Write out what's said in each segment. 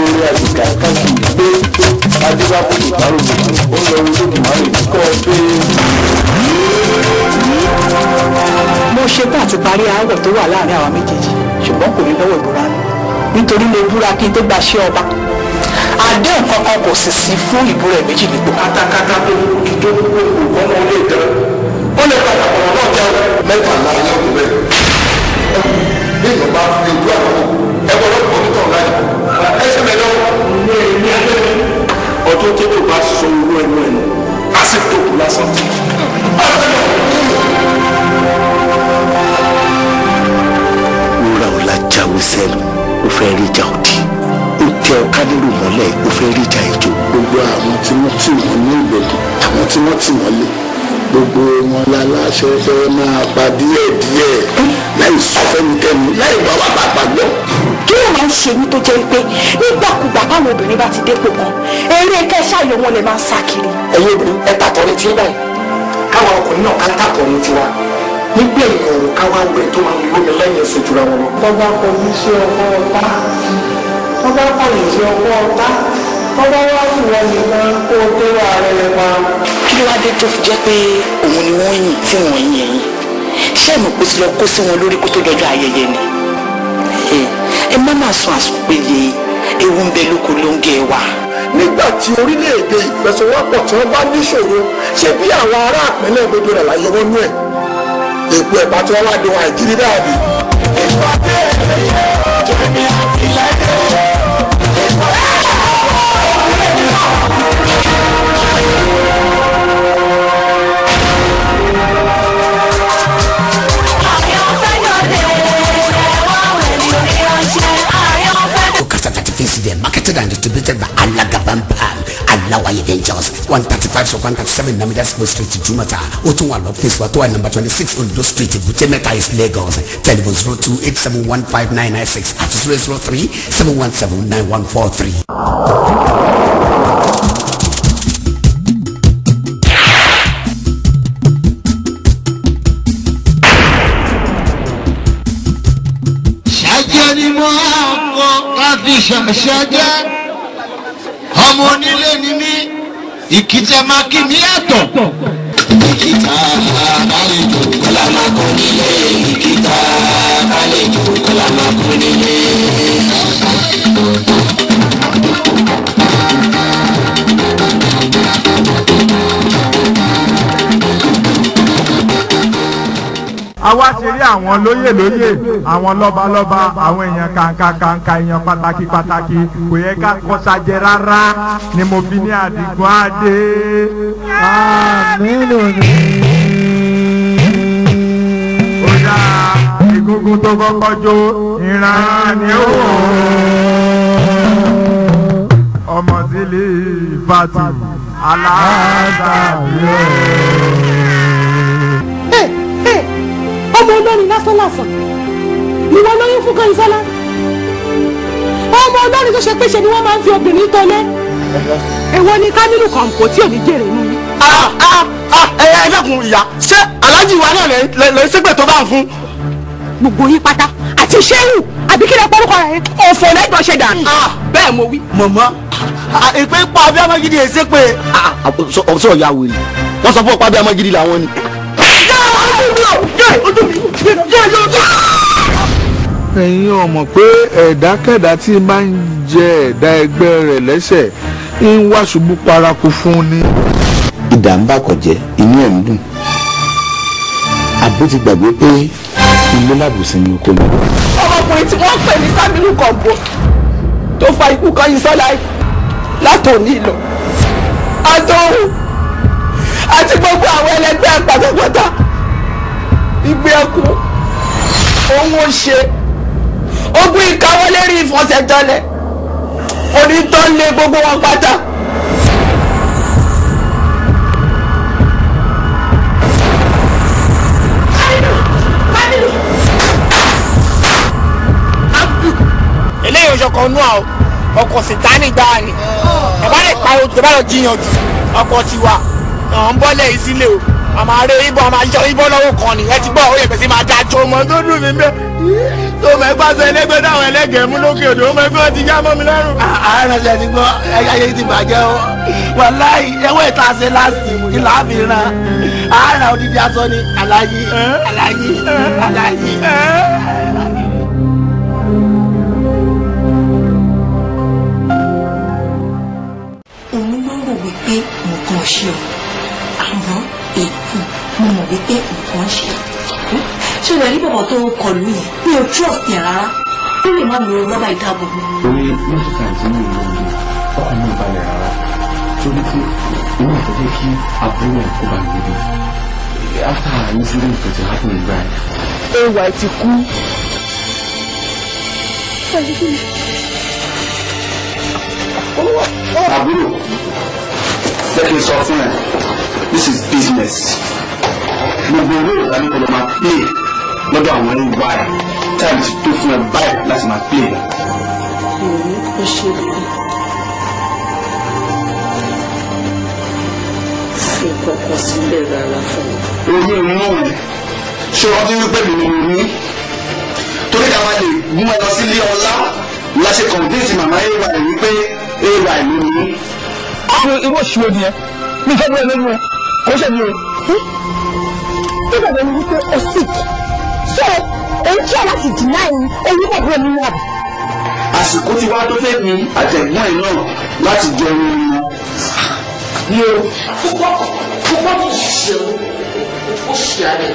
orí àṣìkà káàkiri pé adébábò ìparògbò ó lọ wo lókùnmáyé kọ́ pé. mo ṣetán àti parí aáwọ̀ tó wà láàrin àwa méjèèjì ṣùgbọ́n kò ní lọ́wọ́ ìbúra mi nítorí mo búra kí n tó gba ṣé ọba àdéhùn kankan kò sì sí fún ìbúra ẹ̀ nípò. katakata tó kí tó kó nǹkan náà lè dán ó lè padà ọ̀rọ̀ náà já mẹ́ta lára yóò tó bẹ́ẹ̀ bí èèyàn fi ojú àwọn ẹgbẹ́ ọlọ́pàá onítọ̀. ríjà òdì ó tẹ ọkádérò mọ́lẹ̀ ó fẹ́ ríjà ìjò. gbogbo àwọn tí wọ́n tì wọ́n ní ìgbèkùn àwọn tí wọ́n tì wọ́n lé gbogbo wọn láláṣẹ fẹ́ máa pa díẹ̀díẹ̀ láì sọ fẹ́nikẹ́ni láì bá wà pàpà gbọ́. kí ló máa ń ṣe ní tó jẹ́ pé nígbàkúgbà báwọn obìnrin bá ti dépò kan eré kẹ́sàyò wọn lè máa sá kiri. ẹ̀yin obìnrin ẹ tàtọ̀ ní tí báyìí káwọn ọkùnrin náà ká tàtọ̀ ní tiwa nígbà ìyàwó káwá wẹ̀ tó máa ń lómi lẹ́yìn ẹsẹ̀ jura wọn. tọ́ba kọ ní ṣe ọkọ ọ̀tá tọ́ba kọ ní ṣe ọkọ ọ̀tá tọ́ba wá sí wọn nìkan kó o tó wà rẹ̀ pa. kí ló wá dé tó fi jẹ́ pé òun ni wọ́n yìn tí wọ́n yìn ẹ̀yìn ṣé ìmọ̀ pé sílọ kó sí wọn lórí kó tó dọjọ́ ayẹyẹ ni ẹ má má sọ àsùnpéye ewu ń bẹ lóko ló ń gẹ wa nígbà tí orílẹ̀-èdè ìfẹsọ̀wọ́pọ̀ tí wọ́n bá níṣòro ṣe bí àwọn ará àpẹẹlẹ gbogbo rẹ̀ láyé wọnú ẹ̀ èpo ẹ̀pà tí wọ́n wá dé wọn àìjírí náà They're marketed and distributed by Allah Gaban Pal, Allah Waye Ventures, 135 so 137 Namida School Street, Jumata, Otunwa Love Face, Watua number 26 Ondo Street, Butemeta is Lagos, telephone 0287159996 at 003 717 9143. ṣẹjẹ ọmọ onílé ni mí ìkìtẹ máa kí mi yàtọ̀. ìkìtà àlejò kọlá máa kọ nílé ìkìtà àlejò kọlá máa kọ nílé. àwa ṣe rí àwọn lóyè lóyè àwọn lọ́balọ́ba àwọn èèyàn kàǹkà kàǹkà èèyàn pàtàkì pàtàkì kò yẹ ká kọsàjẹ rárá ni mo fi ní àdìgún àdé. àmínú ni. tó kọ́kọ́ jó ìran ni ó wò ó ọmọ sílẹ̀ fati aláàbàbí ó ọmọ olórin lásán lásán ìwọ lóyún fún Kányinsọ́lá ọmọ olórin tó ṣe pé ṣe ni wọ́n máa ń fi obìnrin tọ́lé èwo ni Kámílù kọ̀ǹkọ̀ tí ò ní jèrè mú mi. Ah, ah, ah, ẹ ẹ dákun ìyá ṣé aláàjì wa náà lè ṣépè tó bá ń fún. gbogbo yín pátá àti ṣéwù àbí kí lè pọ́nkọ́ rẹ̀ òfò lẹ́gbọ̀n ṣe dà. bẹ́ẹ̀ mo wí. mọ̀mọ́ ìpè pa abiyamọ gidi èsè pé. ọ̀sọ̀ ọ̀yà wèrè wọ́n sọ fún ọ̀pá abiyamọ gidi làwọn ni ẹ̀yin ò mọ̀ pé ẹ̀dákẹ́dá tí máa ń jẹ ẹ̀dá ẹgbẹ́ rẹ̀ lẹ́sẹ̀ ń wá ṣubú paraku fún ni. ìdá ń bá kọ̀ inú ẹ̀ ń dùn àbó ti gbàgbé pé ilé lábùsùn ni oko mi. ọmọkùnrin tí wọ́n pè ní Sámílù Kọ̀ǹgò tó fa ikú kan yìí sọ́la látòní lọ àtòhùn àti gbogbo àwọn ẹlẹgbẹ́ pátápátá igbe ẹkún owó ṣe ogún ìkáwọlé rí ìfọsẹ̀jọlẹ̀ onítọ́lé gbogbo wọn pátá. eléyìí oṣù kan nú àwọn ọkọ̀ sìtáni gbáà ni ẹ̀ bá lè pariwo jù ẹ̀ bá lọ jiyàn jù ọkọ̀ tiwa ọ̀ ń bọ́lẹ̀ yìí sílé o a máa rí ibò a máa yọ ibò lọ́wọ́ kan ni ẹ ti gbọ́ òye pèsè máa dájọ́. ọmọ tó dùn mí bẹ́ẹ̀ tó mọ̀ ẹ́ pàṣẹ ẹlẹ́gbẹ́ táwọn ẹlẹ́gẹ̀ẹ́ mú lókè odò ó mọ̀ ẹ́ ti já mọ́ mi lẹ́rùn. àárọ̀ ṣe ti gbọ́ ayé ti bàjẹ́ o wàláì ẹwọ́ ìta ṣe láti ìlà àbìrán àárọ̀ odidi aṣọ ni àlàyé àlàyé àlàyé. òun ló rò wípé nǹkan ṣe ọ àmọ́ èkú mo mọ̀ wípé nǹkan ṣe ṣé ìrẹ̀lí bọ̀bọ̀ tó kọlù yìí mi ò trust yẹn rárá ó lè má lo rọ́bà ìdáàbò orí mẹ́tìkà tí mi ò lò ó mi ò balẹ̀ rárá torí pé òun àti jẹ́ kí àbúrò ẹ̀ kó bá mi rí after an incident that happened in Ghana. ay ti kú. àbúrò jẹ́ kí sọ fún ẹ this is business gbogbo owó ìdájọ́ kọ́ ló máa play lọ́dọ̀ àwọn ẹni wá ẹ̀ time ti tó fún ẹ báyìí láti máa play rẹ̀. Mm-hmm. ó ṣe bèbè fi kọ̀ọ̀kan sílẹ̀ rárá fún mi. omi inú rẹ̀ ṣé wọ́n ti wípé mi ni mo ní torí ká máa lè gún ẹ lọ sílé ọlá la ṣe kọ̀ǹdínsì màmá ay wípé ay ló ní. irú òṣìwò ni ẹ mi fẹ́ bẹ́ẹ̀ lórí ẹ kò ṣe mi o nígbà wo ni wípé o sick so òun kí ẹ láti deny orúkọ bí omi wà. àsìkò tí wàá tó fẹ́ mi àtẹ̀gbọ́n ẹ̀ náà láti jẹ orin wọn. ní o púpọ̀ púpọ̀ kì í ṣe o ó ṣe àárẹ̀.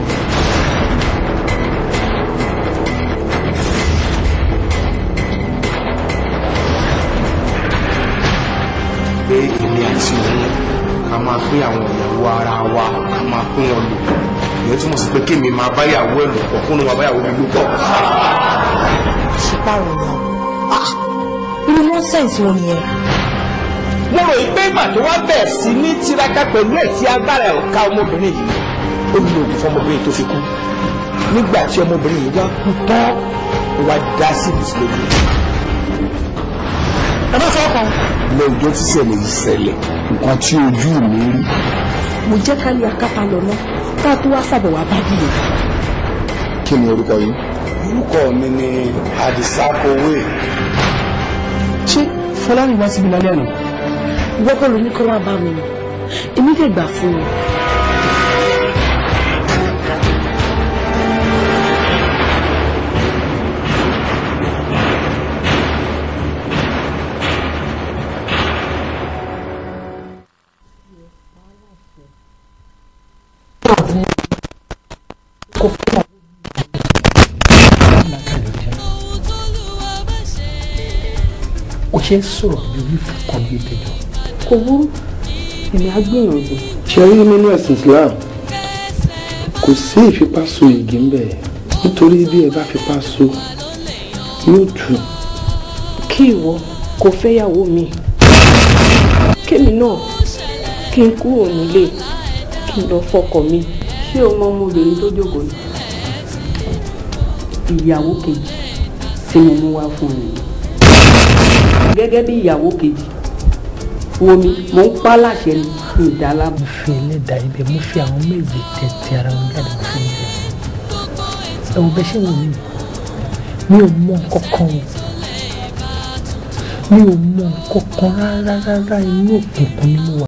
máa pé àwọn ìyàwó ara wa ká máa pín wọn lò ìyẹn túmọ̀ sí pé kémi máa báyàwó ẹ̀ lò pọ̀ kónú máa báyàwó mi lò pọ̀. ṣé báwo ni ah, irú nọ́ọ̀sẹ̀ǹsì wo nìyẹn. mo rò pé ìgbà tó wá bẹ̀ sí ní tiraka pẹ̀lú ẹ̀ tí agbára ẹ̀ ká ọmọbìnrin yìí ó ní oògùn fún ọmọbìnrin tó fi kú nígbà tí ọmọbìnrin yìí wá kú tán ó wá dá sí ìdílé ẹ bá fọwọ́ kan. ilé ìjọ tí ṣẹlẹ̀ yìí nǹkan tí ojú mi rí. mo jẹ́ ká ní akápá lọ náà ká tó wá sàbẹ̀ wá bá dìde. kí ni orúkọ yín. orúkọ mi ni Àdìsá Kowé. ṣé Fọlá rìn wá síbi lálẹ́ àná ìwọ́pọ̀ lóní kọ́ bá mi ni èmi dẹ̀ gbà fún un. o ṣe ń sọ̀rọ̀ bí orí kan bí tẹ̀jọ́. kò burú èmi á gbìyànjú. nínú ẹ̀sìn Islam kò sí ìfipá so igi ń bẹ̀ nítorí bí ẹ bá fipá so yóò dùn. kí ìwọ kò fẹ́yàwó mi kémi náà kí n kúrò nílé kí n lọ fọkọ mi. ṣé o ọmọbìnrin tó jókòó ni ìyàwó kejì tí mo wá fún mi gẹ́gẹ́ bí ìyàwó kejì wo mi mò ń pa láṣẹ ní ìdálá. mo fi ẹlẹ́dàá ibẹ̀ mo fi àwọn méje tẹ̀tẹ̀ ara wọn jáde mo fi ń bẹ̀. ẹ̀wọ̀n bẹ́ẹ̀ ṣe wò mí mi ò mọ kankan o mi ò mọ kankan rárá rárá inú òkùnkùn ni mo wà.